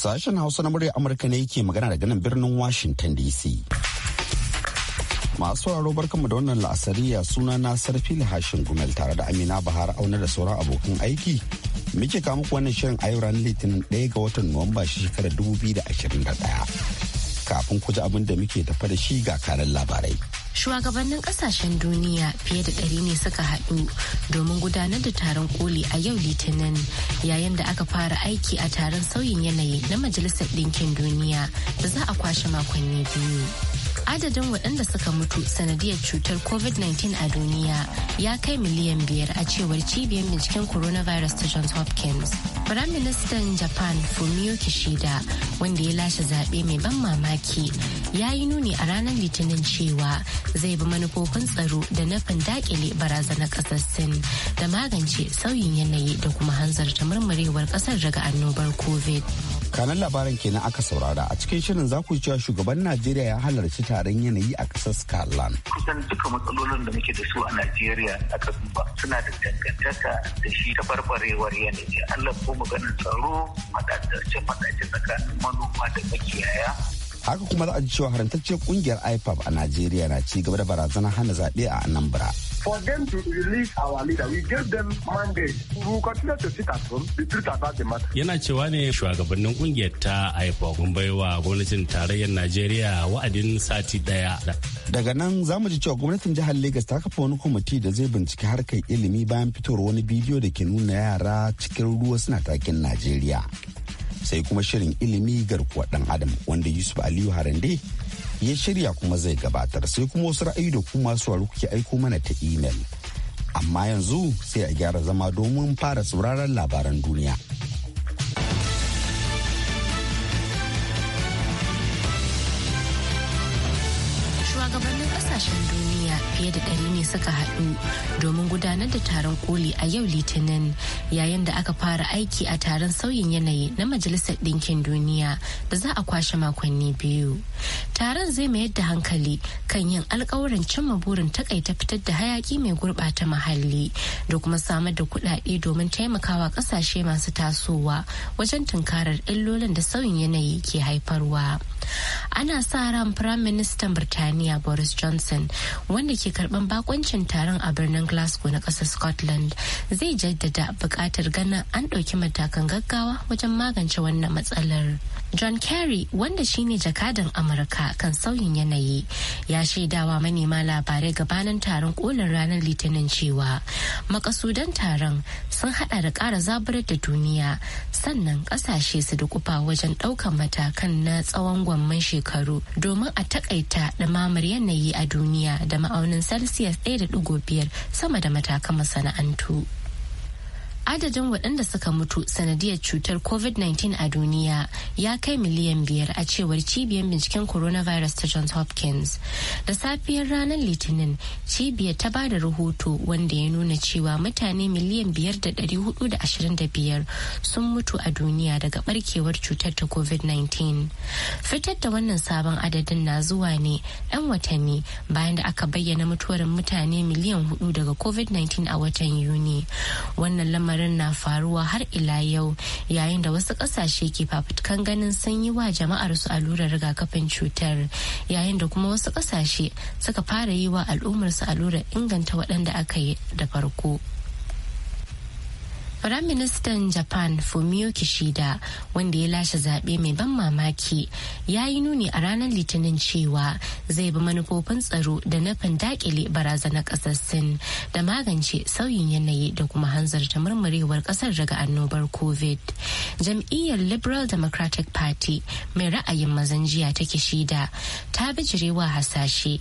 Sashen Hausa na muryar Amurka ne yake magana daga nan birnin Washington DC. Masu sauraro barkanmu da wannan la'asariya suna na sarfi hashin gumel tare da Amina Bahar auna da sauran abokan aiki. Muke kawo wannan shirin a yau Litinin 1 ga watan Nuwamba shekarar 2021. kafin ku ji abin da muke tafa da shi ga kanan labarai. Shugabannin kasashen duniya fiye da ɗari ne suka haɗu domin gudanar da taron koli a yau litinin yayin da aka fara aiki a taron sauyin yanayi na Majalisar Ɗinkin Duniya da za a kwashe makonni biyu. adadin waɗanda suka mutu sanadiyar cutar covid-19 a duniya ya kai miliyan biyar a cewar cibiyar binciken coronavirus ta johns hopkins firaministan japan fumio kishida wanda ya lashe zaɓe mai ban mamaki ya yi nuni a ranar litinin cewa zai bi manufofin tsaro da nufin dakile barazanar ƙasar sin da magance sauyin yanayi da kuma hanzarta murmurewar ƙasar daga annobar covid kanan labaran kenan aka saurara a cikin shirin za ku cewa shugaban najeriya ya halarci taron yanayi a kasar scotland kusan duka matsalolin da muke da su a najeriya aka ba suna da dangantaka da shi ta farfarewar yanayi allah ko maganin tsaro madadarce madadarce tsakanin manoma da makiyaya haka kuma za a ji cewa harantacciyar kungiyar iPap a najeriya na ci gaba da barazanar hana zaɓe a anambra for them to release our leader. We gave them mandate. to continue to sit at home. The truth about the matter. Yana cewa ne shugabannin kungiyar ta IPOC mun baiwa gwamnatin tarayyar Najeriya wa'adin sati daya. Daga nan za mu ji cewa gwamnatin jihar Legas ta kafa wani kwamiti da zai binciki harkar ilimi bayan fitowar wani bidiyo da ke nuna yara cikin ruwa suna takin Najeriya. Sai kuma shirin ilimi garkuwa ɗan Adam wanda Yusuf Aliyu Harande ya shirya kuma zai gabatar sai kuma wasu ra'ayi da kuma masu wari kuke aiko mana ta imel. Amma yanzu sai a gyara zama domin fara sauraron labaran duniya fiye da ɗari ne suka haɗu domin gudanar da taron koli a yau litinin yayin da aka fara aiki a taron sauyin yanayi na majalisar ɗinkin duniya da za a kwashe makonni biyu taron zai mayar da hankali kan yin alkawarin cimma burin takaita fitar da hayaki mai gurɓata muhalli da kuma samar da kuɗaɗe domin taimakawa ƙasashe masu tasowa wajen tunkarar illolin da sauyin yanayi ke haifarwa ana sa ran firaministan birtaniya boris johnson wanda ke ke karban bakoncin taron a birnin Glasgow na ƙasar Scotland zai jaddada buƙatar ganin an ɗauki matakan gaggawa wajen magance wannan matsalar. John Kerry wanda shine jakadan Amurka kan sauyin yanayi ya shaidawa manema labarai gabanin taron kolin ranar litinin cewa makasudan taron sun hada da ƙara zaburar da duniya sannan ƙasashe su dukufa wajen ɗaukan matakan na tsawon gwamman shekaru domin a takaita ɗumamar yanayi a duniya da ma'aunin celsius 1.5 sama da matakan masana'antu. adadin waɗanda suka mutu sanadiyar cutar covid-19 a duniya ya kai miliyan biyar a cewar cibiyar binciken coronavirus ta johns hopkins da safiyar ranar litinin cibiyar ta ba da rahoto wanda ya nuna cewa mutane miliyan biyar da ɗari hudu da ashirin da biyar sun mutu a duniya daga barkewar cutar ta covid-19 fitar da wannan sabon adadin na zuwa ne 'yan watanni bayan da aka bayyana mutuwar mutane miliyan hudu daga covid-19 a watan yuni wannan lamarin lamarin na faruwa har ila yau yayin da wasu ƙasashe ke fafutukan ganin sun yi wa jama'ar su allurar rigakafin cutar yayin da kuma wasu ƙasashe suka fara yi wa al'ummar su allurar inganta waɗanda aka yi da farko. Firaministan Japan Fumio Kishida wanda ya lashe zaɓe mai ban mamaki ya yi nuni a ranar Litinin cewa zai bi manufofin tsaro da nufin dakile barazanar ƙasar Sin da magance sauyin yanayi da kuma hanzarta murmurewar ƙasar daga annobar COVID. Jam'iyyar Liberal Democratic Party mai ra'ayin mazan jiya ta Kishida ta bijirewa hasashe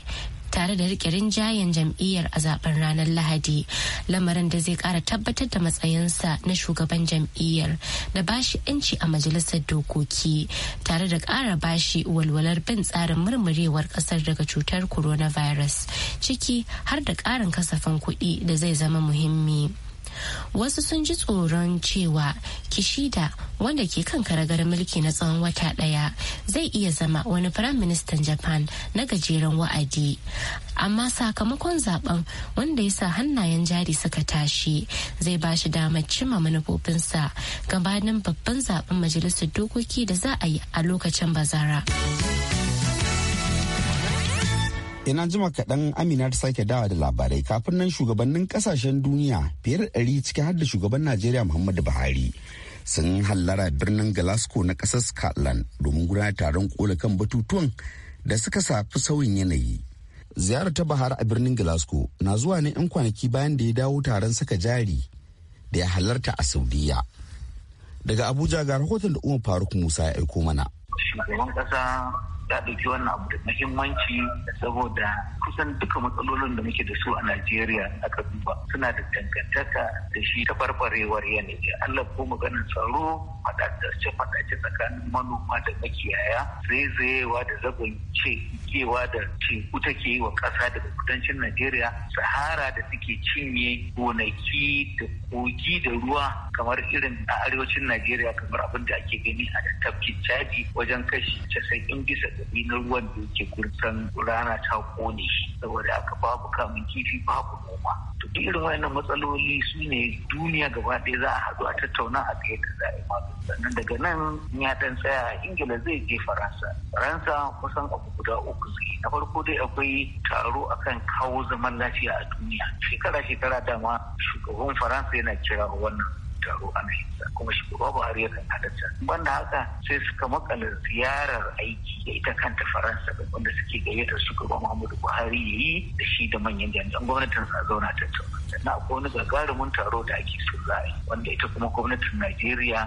tare da rike rinjayen jam'iyyar a zaben ranar lahadi lamarin da zai kara tabbatar da matsayinsa na shugaban jam'iyyar da bashi yanci a majalisar dokoki tare da kara bashi walwalar bin tsarin murmurewar kasar daga cutar coronavirus ciki har da karin kasafin kuɗi da zai zama muhimmi. wasu sun ji tsoron cewa kishida wanda ke kan karagar mulki na tsawon wata daya zai iya zama wani firayim ministan japan na gajeren wa'adi amma sakamakon zaben wanda ya sa hannayen jari suka tashi zai ba shi damar cimma manufofinsa gabanin babban zaben majalisar dokoki da za a yi a lokacin bazara. Ina jima kaɗan Amina ta sake dawa da labarai kafin nan shugabannin kasashen duniya fiye da ɗari ciki har da shugaban Najeriya Muhammadu Buhari. Sun hallara birnin Glasgow na ƙasar Scotland domin gudanar taron kola kan batutuwan da suka safi sauyin yanayi. Ziyarar ta Bahar a birnin Glasgow na zuwa ne 'yan kwanaki bayan da ya dawo taron saka jari da ya halarta a Saudiya. Daga Abuja ga rahoton da Umar Faruk Musa ya aiko mana. ya ɗauki wannan abu da muhimmanci saboda kusan duka matsalolin da muke da su a Najeriya aka duba suna da dangantaka da shi ta tabarbarewar yanayi Allah ko maganin tsaro faɗace faɗace tsakanin manoma da makiyaya zaizayewa da zagon ce kewa da teku take yi wa ƙasa daga kudancin Najeriya sahara da take cinye gonaki da kogi da ruwa kamar irin a arewacin Najeriya kamar abin da ake gani a tafkin caji wajen kashi casa'in bisa gargaɗi ruwan da yake kursan rana ta kone shi saboda aka babu kamun kifi babu noma to irin wannan matsaloli su ne duniya gaba ɗaya za a haɗu a tattauna a kai da za a yi sannan daga nan in ya dan tsaya ingila zai je faransa faransa kusan abu guda uku zai na farko dai akwai taro akan kawo zaman lafiya a duniya shekara shekara dama shugaban faransa yana kira wannan taro a kuma shugaba Buhari yakan halarta banda haka sai suka makala ziyarar aiki da ita kanta Faransa wanda suke gayyatar shugaba Muhammadu Buhari yayi da shi da manyan jami'an gwamnatin sa zauna tattauna sannan akwai wani gagarumin taro da ake so za wanda ita kuma gwamnatin najeriya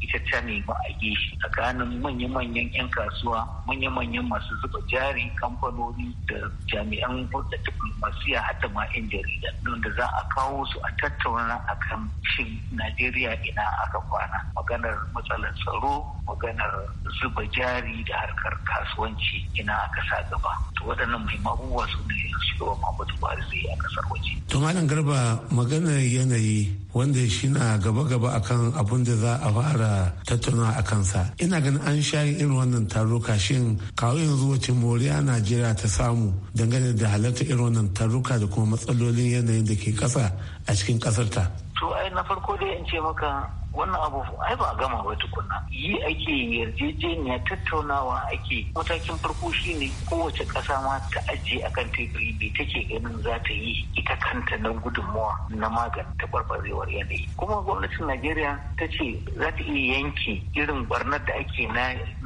ita ta nemi a yi shi tsakanin manya-manyan 'yan kasuwa manya-manyan masu zuba jari kamfanoni da jami'an hulɗa diplomasiya hatta ma 'yan jarida da za a kawo su a tattauna a kan shin najeriya ina aka kwana maganar matsalar tsaro maganar zuba jari da harkar kasuwanci ina aka sa gaba to waɗannan muhimman abubuwa su ne wa muhammadu buhari zai yi a ƙasar waje. to malam garba maganar yanayi wanda shi na gaba-gaba akan abin da za a fara tattauna a kansa ina ganin an sha irin wannan taruka shin kawo yanzu wace moriya najeriya ta samu dangane da halarta irin wannan taruka da kuma matsalolin yanayin da ke kasa a cikin kasarta. ta to ai na farko dai in ce maka wannan abu ai ba gama ba tukunna yi ake yarjejeniya tattaunawa ake matakin farko shine kowace ƙasa ma ta ajiye kan teburi Bai take ganin za ta yi ita kanta na gudunmawa na magani ta barbarewar yanayi kuma gwamnatin najeriya ta ce za ta iya yanke irin barnar da ake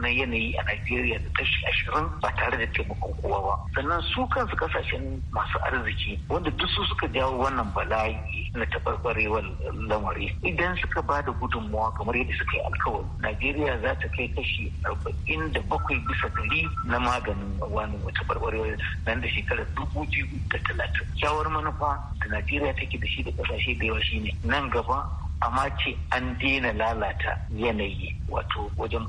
na yanayi a najeriya da kashi ashirin ba tare da taimakon kowa ba sannan su kansu kasashen masu arziki wanda duk su suka jawo wannan bala'i na taɓarɓarewar lamari idan suka ba da gudunmawa kamar yadda suka yi alkawari najeriya za ta kai kashi arba'in da bakwai bisa ɗari na maganin wani wata tabarbarewar nan da shekarar dubu biyu da talatin kyawar manufa da najeriya take da shi da ƙasashe da yawa shine nan gaba amma ce an daina lalata yanayi wato wajen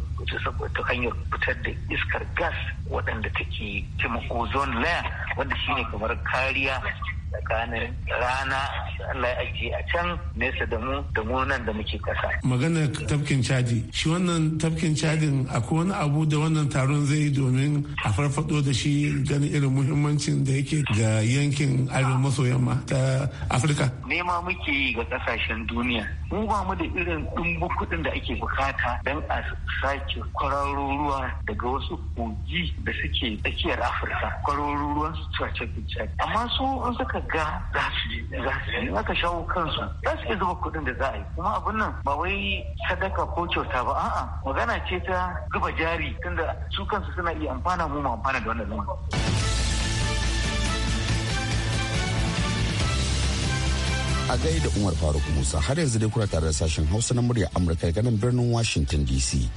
ta hanyar fitar da iskar gas waɗanda take taimako ozone layer wanda shine kamar kariya tsakanin rana Allah ya ajiye a can nesa da mu da mu nan da muke kasa. Maganar tafkin caji shi wannan tafkin Chadin akwai wani abu da wannan taron zai yi domin a farfado da shi ganin irin muhimmancin da yake ga yankin arewa maso yamma ta Afirka. Nema muke yi ga kasashen duniya. Mu ba mu da irin dumbu kuɗin da ake bukata don a sake kwararo ruwa daga wasu kogi da suke tsakiyar Afirka. Kwararo ruwan su Amma su an suka aka ga za su je za su aka shawo kansu za su iya zuba kuɗin da za a yi kuma abun nan ba wai sadaka ko kyauta ba a'a magana ce ta zuba jari tunda su kansu suna iya amfana mu mu amfana da wannan a gaida umar faruk musa har yanzu dai kuna tare da sashen hausa na murya amurka ganin birnin washington dc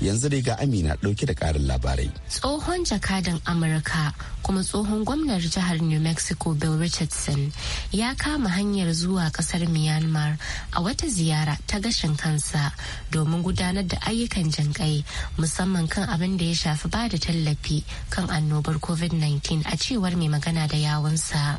yanzu dai ga amina dauke da ƙarin labarai tsohon jakadan amurka kuma tsohon gwamnar jihar new mexico bill richardson ya kama hanyar zuwa kasar myanmar a wata ziyara ta gashin kansa domin gudanar da ayyukan jinƙai musamman kan abin da ya shafi ba da tallafi kan annobar covid-19 a cewar mai magana da yawunsa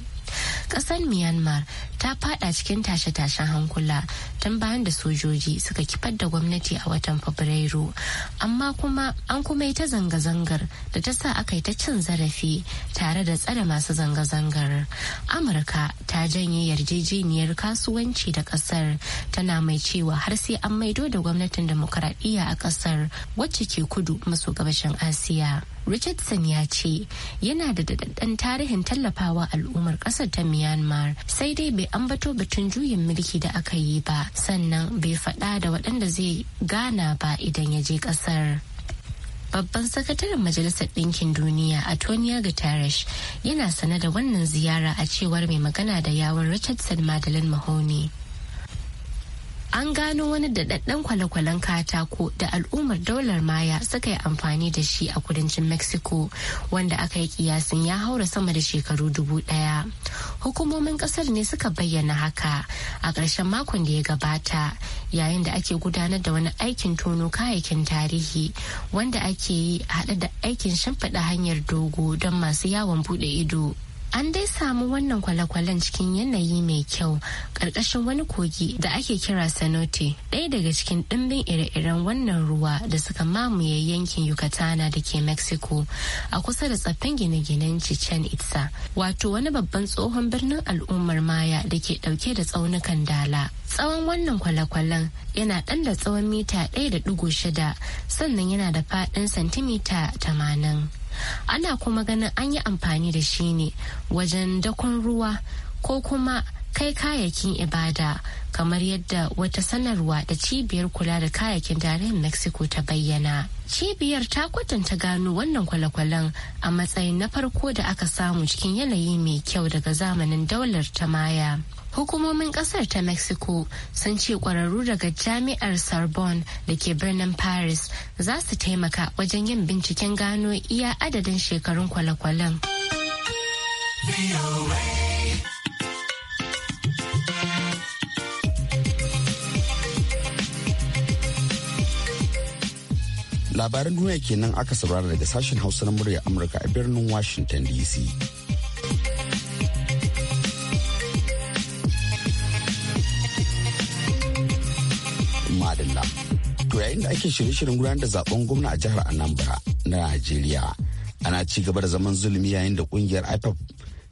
Ƙasar Myanmar ta fada cikin tashe-tashen hankula tun bayan da sojoji suka kifar da gwamnati a watan Fabrairu. Amma kuma an kuma yi ta zanga-zangar da ta sa aka yi ta cin zarafi tare da tsare masu zanga-zangar. Amurka ta janye yarjejeniyar kasuwanci da ƙasar tana mai cewa har sai an maido da gwamnatin demokuraɗiyya a ƙasar wacce ke kudu maso gabashin Asiya. richardson ya ce yana da daɗaɗɗen tarihin tallafawa al'ummar ƙasar ta myanmar sai dai bai ambato batun juyin mulki da aka yi ba sannan bai faɗa da waɗanda zai gana ba idan ya je ƙasar babban sakataren majalisar ɗinkin duniya antonio guterres yana sane da wannan ziyara a cewar mai magana da yawon richardson Madeline mahoney an gano wani daɗaɗɗen kwale-kwalen katako da al'ummar daular maya suka yi amfani da shi a kudancin mexico wanda aka yi kiyasin ya haura sama da shekaru dubu ɗaya hukumomin ƙasar ne suka bayyana haka a ƙarshen makon da ya gabata yayin da ake gudanar da wani aikin tono kayayyakin tarihi wanda ake yi haɗe da aikin shimfiɗa hanyar dogo don masu yawon buɗe ido An dai samu wannan kwale-kwalen cikin yanayi mai kyau ƙarƙashin wani kogi da ake kira Sanote, ɗaya daga cikin ɗimbin ire-iren wannan ruwa da suka mamaye yankin Yucatana da ke Mexico a kusa da tsaffin gine-ginen Chichen Itza, wato wani babban tsohon birnin al'ummar Maya da ke ɗauke da tsaunukan dala. Tsawon wannan kwale-kwalen yana ɗan da tsawon mita ɗaya da shida sannan yana da faɗin santimita tamanin. ana kuma ganin an yi amfani da shi ne wajen dakon ruwa ko kuma kai kayakin ibada kamar yadda wata sanarwa da cibiyar kula da kayakin tarihin mexico ta bayyana cibiyar ta kwatanta gano wannan kwale-kwalen a matsayin na farko da aka samu cikin yanayi mai kyau daga zamanin daular ta maya hukumomin kasar ta mexico sun ce kwararru daga jami'ar sorbonne da ke birnin paris za su taimaka wajen yin binciken gano iya adadin shekarun kwale-kwalen. labaran duniya kenan aka saurara daga sashen hausa na murya amurka a birnin washington dc madalla to yayin da ake shirye-shiryen gudanar da zaben gwamna a jihar anambra na najeriya ana ci gaba da zaman zulumi yayin da kungiyar ipap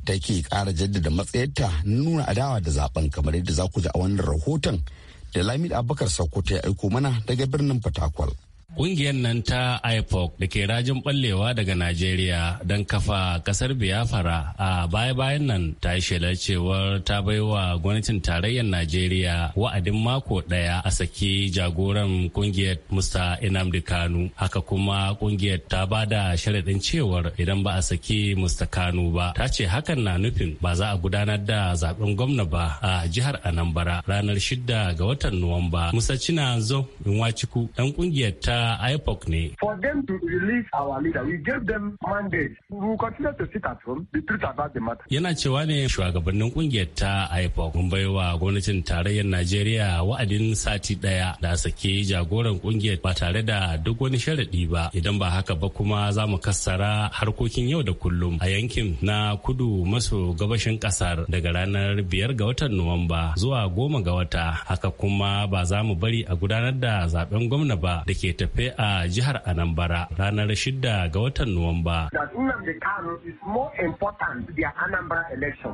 take kara jaddada matsayarta na nuna adawa da zaben kamar yadda za ku ji a wannan rahoton da lamid abubakar sokoto ya aiko mana daga birnin fatakwal. Ƙungiyar nan ta IPOC da ke rajin ɓallewa daga Najeriya don kafa ƙasar Biafra a baya-bayan nan ta yi shelar cewar ta baiwa gwamnatin tarayyar Najeriya wa'adin mako ɗaya a saki jagoran ƙungiyar Musa Inamdi Kanu. Haka kuma ƙungiyar ta ba da sharaɗin cewar idan ba a saki Musta Kanu ba. Ta ce hakan na nufin ba za a gudanar da zaben gwamna ba a jihar Anambra ranar shidda ga watan Nuwamba. Musa Cina Zo Inwachiku ɗan ƙungiyar ta IPOC ne. For them to release our leader, we gave them mandate. We continue to sit at home, the truth about the matter. Yana cewa ne shugabannin kungiyar ta IPOC mun wa gwamnatin tarayyar Najeriya wa'adin sati daya da sake jagoran kungiyar ba tare da duk wani sharaɗi ba. Idan ba haka ba kuma za mu kassara harkokin yau da kullum a yankin na kudu maso gabashin kasar daga ranar biyar ga watan Nuwamba zuwa goma ga wata. Haka kuma ba za mu bari a gudanar da zaben gwamna ba da ke tafi zaɓe a jihar Anambra ranar 6 ga watan Nuwamba.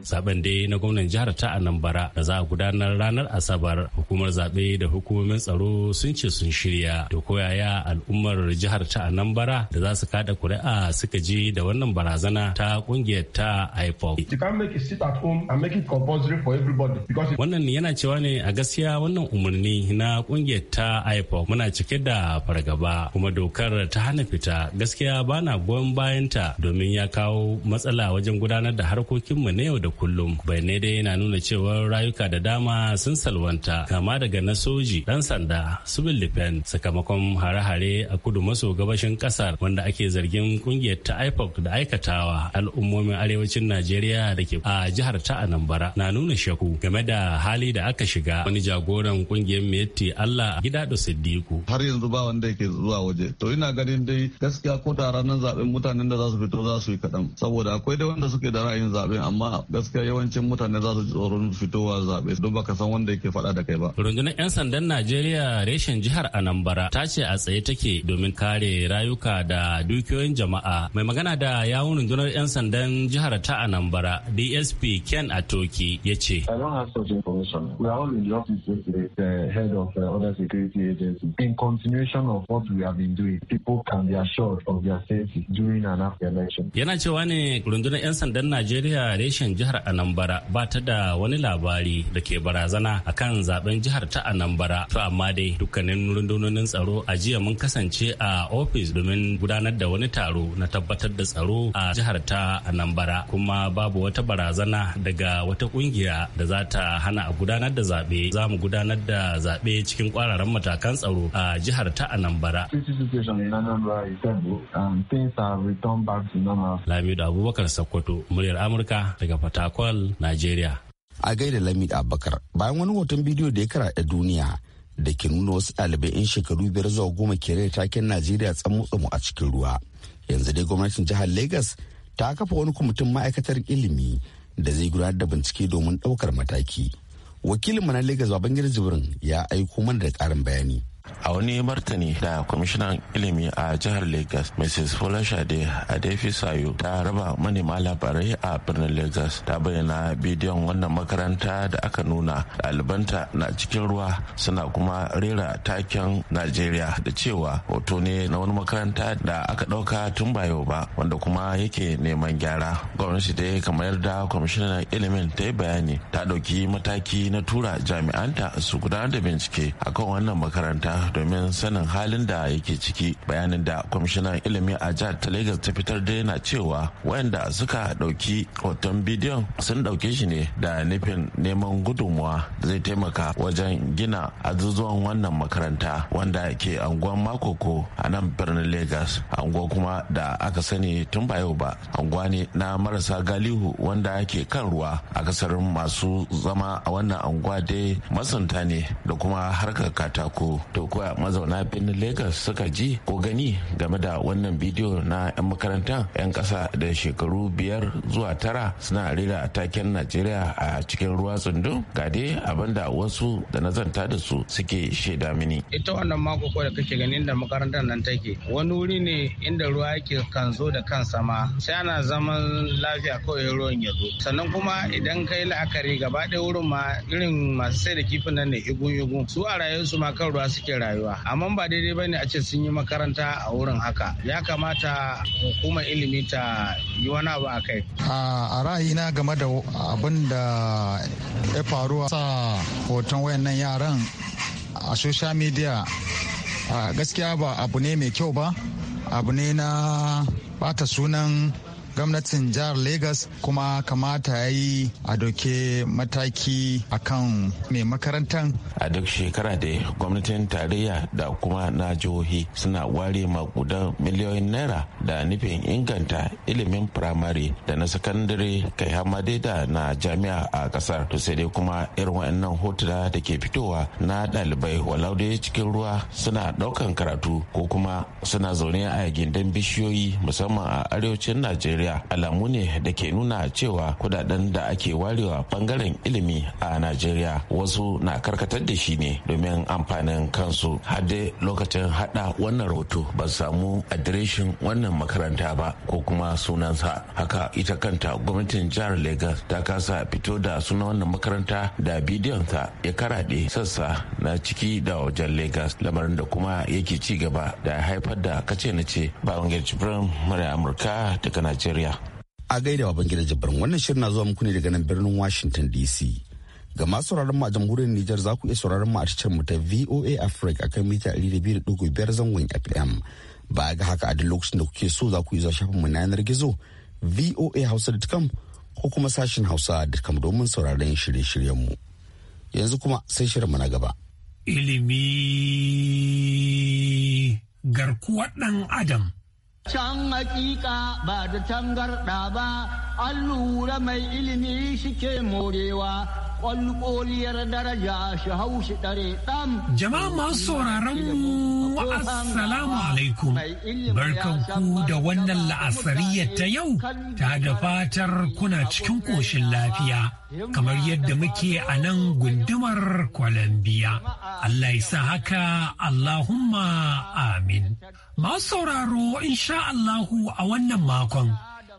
Zaben dai na gwamnan jihar ta Anambra da za a gudanar ranar Asabar hukumar zaɓe da hukumomin tsaro sun ce sun shirya da koyaya al'ummar jihar ta Anambra da za su kada kuri'a suka je da wannan barazana ta kungiyar ta IPOP. Wannan yana cewa ne a gaskiya wannan umarni na kungiyar ta IPOP muna cike da fargaba. gaba kuma dokar ta hana fita gaskiya bana goyon bayanta domin ya kawo matsala wajen gudanar da harkokin mu na yau da kullum bayanai dai yana nuna cewa rayuka da dama sun salwanta kama daga na soji dan sanda civil defense sakamakon hare-hare a kudu maso gabashin kasar wanda ake zargin kungiyar ta ipoc da aikatawa al'ummomin arewacin najeriya da ke a jihar ta anambra na nuna shaku game da hali da aka shiga wani jagoran kungiyar meti allah gida da siddiku har yanzu ba wanda yake zuwa waje to ina ganin dai gaskiya ko da ranar zaben mutanen da za su fito za su yi kaɗan saboda akwai da wanda suke da ra'ayin zaben amma gaskiya yawancin mutane za su ji tsoron fitowa zabe don baka san wanda yake faɗa da kai ba. rundunar 'yan sandan najeriya reshen jihar anambara ta ce a tsaye take domin kare rayuka da dukiyoyin jama'a mai magana da yawun rundunar 'yan sandan jihar ta anambra dsp ken atoki ya ce. in head of uh, security continuation of of what we have been doing, people can be assured of their safety during and after election. Yana cewa ne rundunar 'yan sandan Najeriya reshen jihar Anambra ba ta da wani labari da ke barazana akan zaben jihar ta Anambra. To amma dai dukkanin rundunonin tsaro a jiya mun kasance a ofis domin gudanar da wani taro na tabbatar da tsaro a jihar ta Anambra kuma babu wata barazana daga wata kungiya da za ta hana a gudanar da zaɓe. Za mu gudanar da zaɓe cikin kwararan matakan tsaro a jihar ta Anambra. Anambra. da Abubakar Sokoto, muryar Amurka daga Fatakwal, nigeria. A gaida lamid Abubakar, bayan wani hoton bidiyo da ya kara a duniya da ke nuna wasu ɗalibai in shekaru biyar zuwa goma ke rai taken Najeriya tsamu-tsamu a cikin ruwa. Yanzu dai gwamnatin jihar lagos ta kafa wani kwamitin ma'aikatar ilimi da zai gudanar da bincike domin ɗaukar mataki. Wakilinmu na lagos Babangida Jibrin ya aiko mana da ƙarin bayani. a wani martani da kwamishinan ilimi a jihar lagos mrs folashade adefisayo ta raba manema labarai a birnin lagos ta bayyana bidiyon wannan makaranta da aka nuna ɗalibanta na cikin ruwa suna kuma rera taken najeriya da cewa hoto ne na wani makaranta da aka ɗauka tun ba yau ba wanda kuma yake neman gyara gwamnati dai kamar da kwamishinan ilimin ta yi bayani ta ɗauki mataki na tura jami'anta su gudanar da bincike akan wannan makaranta domin sanin halin da yake ciki bayanin da kwamishinan ilimi a jihar ta lagos ta fitar da yana cewa wayanda suka dauki hoton bidiyon sun dauke shi ne da nufin neman gudunmuwa zai taimaka wajen gina azuzuwan wannan makaranta wanda ke anguwan makoko a nan birnin lagos anguwa kuma da aka sani tun ba yau ba anguwa ne na marasa galihu wanda ke kan ruwa a kasar masu zama a wannan anguwa dai masunta ne da kuma harkar katako to to mazauna birnin lagos suka ji ko gani game da wannan bidiyo na 'yan makarantar 'yan kasa da shekaru biyar zuwa tara suna rera taken najeriya a cikin ruwa tsundu ga dai abin da wasu da na zanta da su suke shaida mini ita wannan mako da kake gani da makarantar nan take wani wuri ne inda ruwa yake kan zo da kan sama, sai ana zaman lafiya kawai ruwan ya zo sannan kuma idan kai la'akari gaba ɗaya wurin ma irin masu sai da kifin nan ne igun igun su a rayuwarsu ma kan ruwa suke suke rayuwa amma ba daidai bane a ce sun yi makaranta a wurin haka ya kamata hukumar ilimi ta yi wani abu a kai a ra'ayina game da abin da ya faru sa hoton wayannan yaran a social media gaskiya ba abu ne mai kyau ba abu ne na bata sunan gwamnatin jihar Legas kuma kamata ya yi a doke mataki akan mai makarantar. A duk shekara da gwamnatin tarayya da kuma na jihohi suna ware makudan miliyoyin naira da nufin inganta ilimin firamare da na sakandare kai hamadai da na jami'a a kasar to sai dai kuma irin waɗannan hotuna da ke fitowa na dalibai walau cikin ruwa suna ɗaukan karatu ko kuma suna zaune a gindin bishiyoyi musamman a arewacin najeriya najeriya alamu ne da ke nuna cewa kudaden da ake warewa bangaren ilimi a najeriya wasu na karkatar da shi ne domin amfanin kansu hadde lokacin hada wannan rahoto ba samu adireshin wannan makaranta ba ko kuma sunansa haka ita kanta gwamnatin jihar legas ta kasa fito da sunan wannan makaranta da bidiyonsa ya karaɗe sassa na ciki da wajen legas lamarin da kuma yake ci gaba da haifar da kace na ce ba wangar jibrin murya amurka daga najeriya Najeriya. A gaida wa gida jibrin wannan shirin na zuwa muku ne daga nan birnin Washington DC. Ga masu sauraron mu a jamhuriyar Nijar za ku iya sauraron mu a tashar mu ta VOA Africa akan mita 200.5 zangon FM. Ba ga haka a duk lokacin da kuke so za ku iya zuwa shafin mu na yanar gizo Hausa voahausa.com ko kuma sashin Hausa hausa.com domin sauraron shirye-shiryen mu. Yanzu kuma sai shirin mu na gaba. Ilimi garkuwar ɗan Adam. Can hakika ba da tangarɗa ba, an lura mai ilimi shi ke morewa, ƙwalƙoliyar daraja shi haushi ɗare ɗan. Jama'a masu sauraron mu assalamu alaikum, barkanku da wannan la'asariyar ta yau ta da fatar kuna cikin ƙoshin lafiya. Kamar yadda muke a nan gundumar Colombia. Allah ya sa haka Allahumma amin. Masu sauraro insha Allahu a wannan makon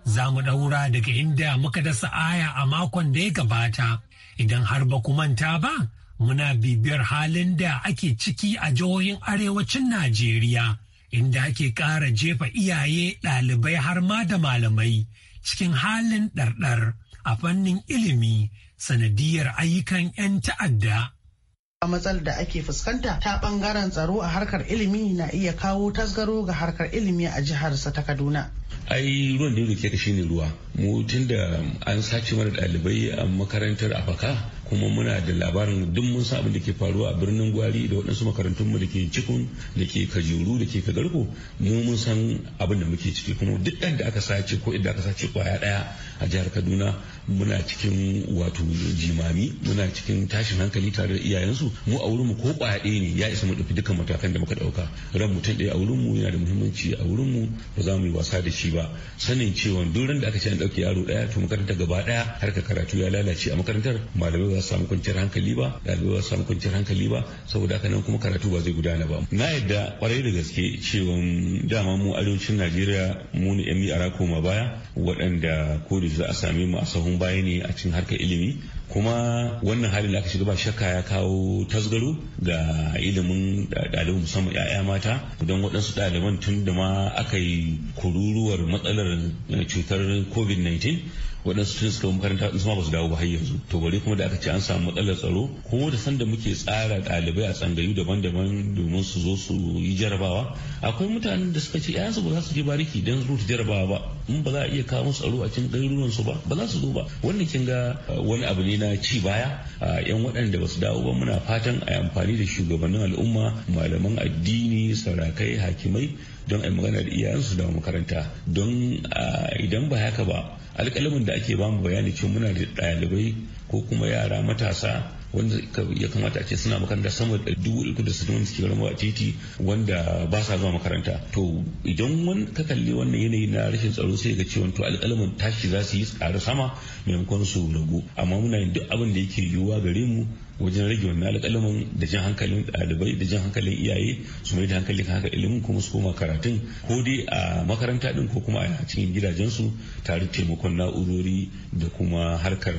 za mu ɗaura daga inda muka dasa aya a makon da ya gabata idan har ba ku manta ba muna bibiyar halin da ake ciki a jihohin arewacin Najeriya inda ake ƙara jefa iyaye ɗalibai har ma da malamai cikin halin ɗarɗar a fannin ilimi sanadiyar ayyukan 'yan ta'adda matsalar da ake fuskanta ta bangaren tsaro a harkar ilimi na iya kawo tasgaro ga harkar ilimi a jihar sa ta kaduna ai ruwan da yake kashi shine ruwa mu tunda an sace mana dalibai a makarantar afaka kuma muna da labarin duk mun san abin da ke faruwa a birnin gwari da waɗansu makarantunmu da ke cikun da ke kajuru da ke kagarko mu mun san abin da muke ciki kuma duk da aka sace ko idan aka sace kwaya ɗaya a jihar kaduna muna cikin wato jimami muna cikin tashin hankali tare da iyayensu mu a wurinmu ko kwaya ne ya isa mu ɗauki dukkan matakan da muka ɗauka ran mutum ɗaya a wurinmu yana da muhimmanci a wurinmu ba za mu yi wasa da shi ba sanin cewa duk da aka ce an ɗauki yaro ɗaya to makaranta gaba ɗaya harka karatu ya lalace a makarantar malamai ba za su samu kwanciyar hankali ba ɗalibai ba su samu kwanciyar hankali ba saboda haka nan kuma karatu ba zai gudana ba na yadda kwarai da gaske cewa dama mu arewacin najeriya mu ne yan mi'ara koma baya waɗanda ko da za a same mu a sahun koma baya ne a cikin harkar ilimi kuma wannan halin da aka shiga ba shakka ya kawo tasgaro ga ilimin ɗaliban musamman 'ya'ya mata don waɗansu ɗaliban tun da ma aka yi kururuwar matsalar eh, cutar covid-19 waɗansu sun suka makaranta su ba su dawo ba har yanzu to bari kuma da aka ce an samu matsalar tsaro ko da sanda muke tsara ɗalibai a tsangayu daban-daban domin su zo su yi jarabawa akwai mutanen da suka ce su ba za su je bariki don su jarabawa ba in ba za a iya kawo musu tsaro a cikin ɗaruruwan su ba ba za su zo ba wannan kin ga uh, wani abu ne na ci baya a uh, yan waɗanda ba su dawo ba muna fatan a yi amfani da shugabannin al'umma malaman addini sarakai hakimai don a yi magana da iyayensu da makaranta don uh, idan ba haka ba alƙalamin da ake bamu bayani cewa muna da ɗalibai ko kuma yara matasa wanda ya kamata a ce suna makaranta sama da dubu uku da sittin wanda suke rama a titi wanda ba sa zuwa makaranta to idan wani ka kalli wannan yanayi na rashin tsaro sai ga cewa to alƙalamin tashi za su yi tsare sama maimakon su ragu amma muna yin duk abin da yake yiwuwa gare mu wajen rage wannan alƙalamin da jan hankalin ɗalibai da jan hankalin iyaye su mai da hankalin haka ilimin kuma su koma karatun ko dai a makaranta ɗin ko kuma a cikin gidajensu tare taimakon na'urori da kuma harkar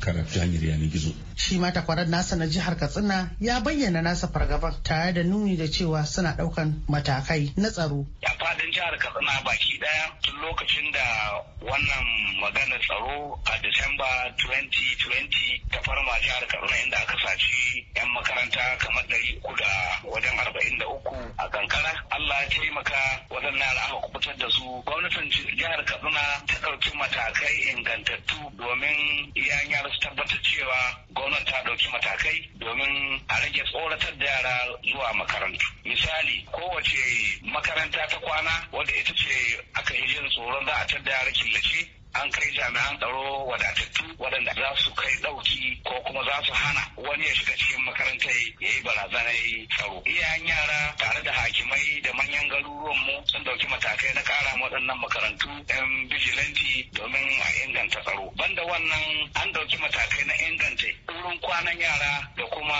karatu hanyar yanar gizo. shi ma takwarar nasa na jihar katsina ya bayyana nasa fargaba tare da nuni da cewa suna ɗaukan matakai na tsaro. a fadin jihar katsina baki ɗaya tun lokacin da wannan maganar tsaro a disamba 2020 ta farma jihar katsina inda aka saci 'yan makaranta kamar ɗari uku da wajen arba'in da uku a kankara Allah ya taimaka wajen na aka kubutar da su gwamnatin jihar Kaduna ta ɗauki matakai ingantattu domin iyayen yara su tabbatar cewa gwamnati ta ɗauki matakai domin a rage tsoratar da yara zuwa makarantu misali kowace makaranta ta kwana wadda ita ce aka yi jin tsoron za a tadda yara killace an kai jami'an tsaro wadatattu waɗanda za su kai ɗauki ko kuma za su hana wani ya shiga cikin makaranta ya yi barazanar tsaro. Iyayen yara tare da hakimai da manyan garuruwan mu sun ɗauki matakai na ƙara waɗannan makarantu ɗan bijilanti domin a inganta tsaro. Banda wannan an ɗauki matakai na inganta wurin kwanan yara da kuma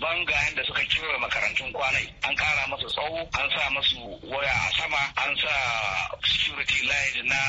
bangayen da suka kewaye makarantun kwanai. An ƙara masu tsawo, an sa masu waya a sama, an sa security light na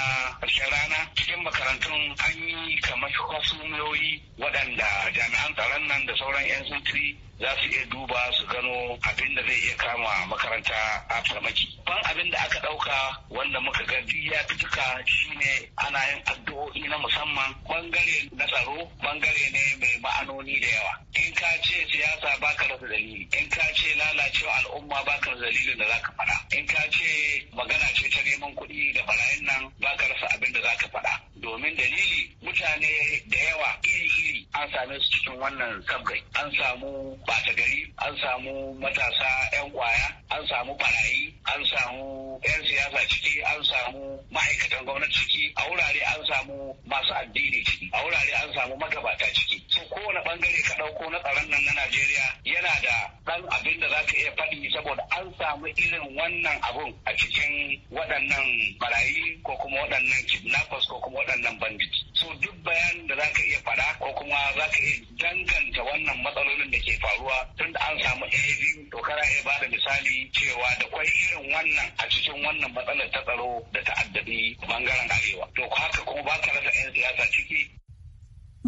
ƙarshen rana. cikin makarantun an yi kamar hasumiyoyi waɗanda jami'an tsaron nan da sauran 'yan sintiri za su iya duba su gano abin da zai iya kama makaranta a farmaki. Ban abin da aka ɗauka wanda muka ga ya fi duka shine ana yin addu'o'i na musamman bangare na tsaro bangare ne mai ma'anoni da yawa. In ka ce siyasa ba ka rasa dalili, in ka ce lalacewa al'umma ba ka rasa dalilin da za ka faɗa, in ka ce magana ce ta neman kuɗi da barayin nan ba ka rasa abin da za ka faɗa. Domin dalili mutane da yawa iri-iri an same su cikin wannan sabgai. An samu ta gari an samu matasa 'yan kwaya an samu barayi an samu 'yan siyasa ciki an samu ma'aikatan gwamnati ciki a wurare an samu masu addini ciki a wurare an samu magabata ciki so kowane bangare ka ɗauko na tsaron nan na najeriya yana da ɗan abin da za ka iya faɗi saboda an samu irin wannan abun a cikin waɗannan barayi ko kuma waɗannan kidnappers ko kuma waɗannan bandit so duk bayan da za ka iya faɗa ko kuma za ka iya danganta wannan matsalolin da ke faruwa tun da an samu ɗaya biyu to kana iya ba da misali yi cewa da kwai irin wannan a cikin wannan matsalar ta tsaro da ta'addabi bangaren arewa to haka kuma ba ka rasa 'yan siyasa ciki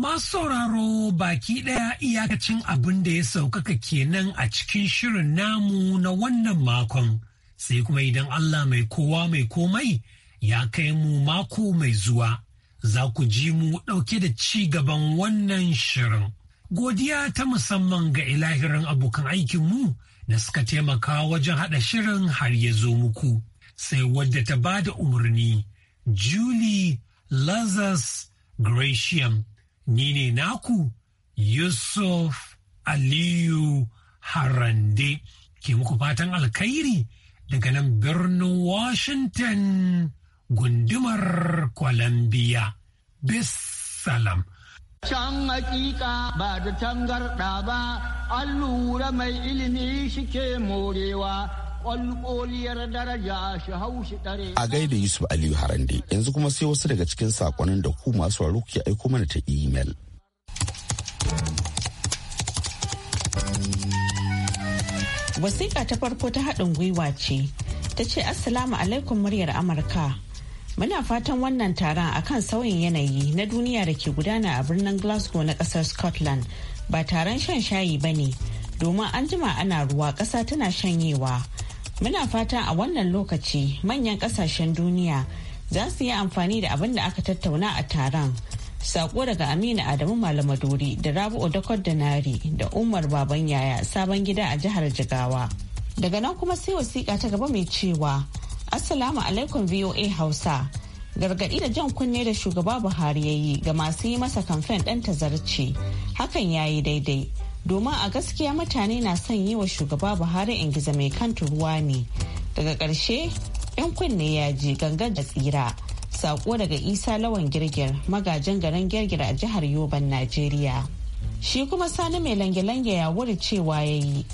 Masu sauraro baki ɗaya iyakacin abin da ya saukaka kenan a cikin shirin namu na wannan makon, sai kuma idan Allah mai kowa mai komai ya kai mu mako mai zuwa, za ku ji mu ɗauke da ci gaban wannan shirin. Godiya ta musamman ga ilahirin abokan aikinmu da suka taimaka wajen haɗa shirin har ya zo muku sai wadda ta ba da umarni Julie Lazarus Gratiam ni ne naku Yusuf Aliyu Harande ke muku fatan alkhairi daga nan birnin Washington gundumar Columbia. Bis salam. Can hakika ba da tangarɗa ba, an lura mai ilimi shike morewa. daraja shi haushi A gaida Yusuf Aliyu Harande yanzu kuma sai wasu daga cikin saƙonin da ku masu waro ke aiko mana ta imel. Wasiƙa ta farko ta haɗin gwiwa ce, ta ce Assalamu alaikum muryar Amurka. Muna fatan wannan taron a kan sauyin yanayi na duniya da ke gudana a birnin Glasgow na kasar Scotland ba taron shan shayi ba ne, domin an jima ana ruwa ƙasa tana shanyewa. Muna fatan a wannan lokaci manyan ƙasashen duniya za su yi amfani da abin da aka tattauna a taron. Sako daga Aminu Adamu Malamadori da Rabu'u Dakot Nari da Umar Baban Yaya sabon gida a jihar Jigawa. Daga nan kuma sai wasiƙa ta gaba mai cewa Assalamu alaikum VOA Hausa. Gargaɗi da jan kunne da shugaba Buhari ya yi ga masu yi masa kamfen ɗan tazarci. Hakan ya yi daidai. Domin a gaskiya mutane na son yi wa shugaba Buhari in gizo mai kan ruwa ne. Daga ƙarshe, 'yan kunne ya ji gangan da tsira. saƙo daga Isa Lawan Girgir, magajin garin Girgir a jihar Yoban, Najeriya. Shi kuma Sani mai lange-lange ya wuri cewa ya yi.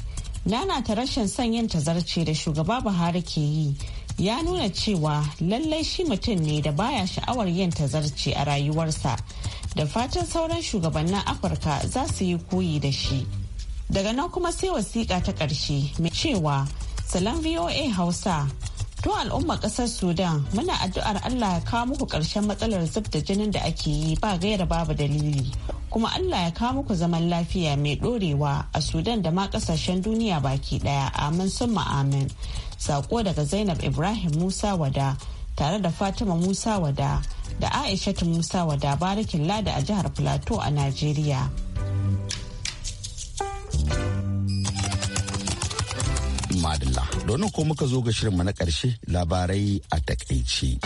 Nana ta rashin son yin tazarce da shugaba Buhari ke yi ya nuna cewa lallai shi mutum ne da baya sha'awar yin tazarci a rayuwarsa da fatan sauran shugabannin afirka za su yi koyi da shi daga nan kuma sai wasiƙa ta ƙarshe mai cewa salam voa hausa to al'umma ƙasar sudan muna addu'ar allah ya kawo muku ƙarshen matsalar zub da jinin da ake yi ba gaira babu dalili kuma allah ya kawo muku zaman lafiya mai ɗorewa a sudan da ma ƙasashen duniya baki ɗaya amin summa amin Sako daga Zainab Ibrahim Musa Wada tare da Fatima Musa Wada da Aishatu Musa Wada barikin lada a jihar Plateau a Najeriya. Madalla, donin ko muka zo ga shirinmu na karshe labarai a takaice.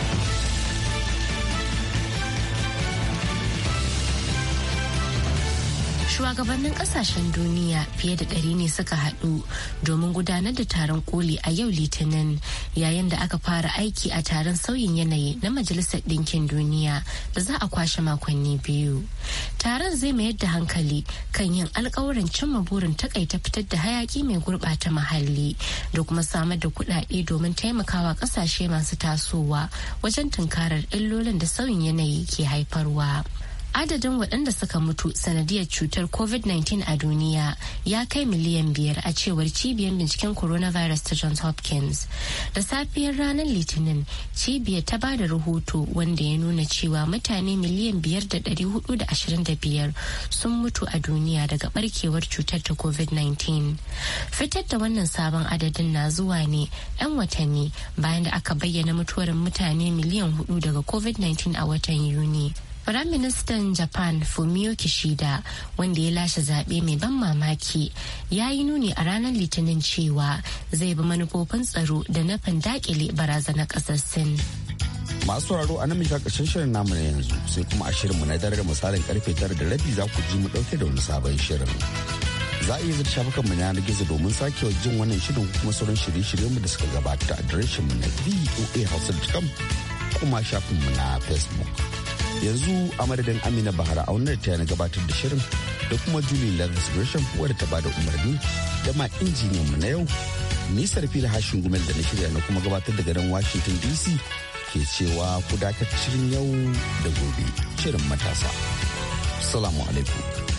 shugabannin kasashen duniya fiye da ɗari ne suka haɗu domin gudanar da taron koli a yau litinin yayin da aka fara aiki a taron sauyin yanayi na majalisar ɗinkin duniya da za a kwashe makonni biyu taron zai mayar da hankali kan yin alkawarin cimma burin takaita fitar da hayaki mai gurɓata muhalli da kuma samar da kuɗaɗe domin taimakawa ƙasashe masu tasowa wajen tunkarar illolin da sauyin yanayi ke haifarwa. adadin waɗanda suka mutu sanadiyar cutar covid-19 a duniya ya kai miliyan biyar a cewar cibiyar binciken coronavirus ta johns hopkins da safiyar ranar litinin cibiyar ta ba da rahoto wanda ya nuna cewa mutane miliyan biyar da ɗari hudu da ashirin da biyar sun mutu a duniya daga barkewar cutar ta covid-19 fitar da wannan sabon adadin na zuwa ne 'yan watanni bayan da aka bayyana mutuwar mutane miliyan hudu daga covid-19 a watan yuni Firaministan Japan Fumio Kishida wanda ya lashe zaɓe mai ban mamaki ya yi nuni a ranar litinin cewa zai bi manufofin tsaro da nufin dakile barazanar ƙasar Sin. Masu sauraro a namika ƙarshen shirin namu na yanzu sai kuma a shirinmu na dare da misalin karfe tara da rabi za ku ji mu ɗauke da wani sabon shirin. Za a iya zata shafukan mu yanar gizo domin sake jin wannan shirin kuma sauran shirye mu da suka gabata a mu na voahausa.com kuma shafinmu na Facebook. yanzu a madadin amina bahara a ta na gabatar da shirin da kuma julie lagos gresham wadda ta bada umarni da ma injiniyan mu na yau nisar fili hashin gumel da na shirya na kuma gabatar da garin washington dc ke cewa ku dakatar shirin yau da gobe shirin matasa salamu alaikum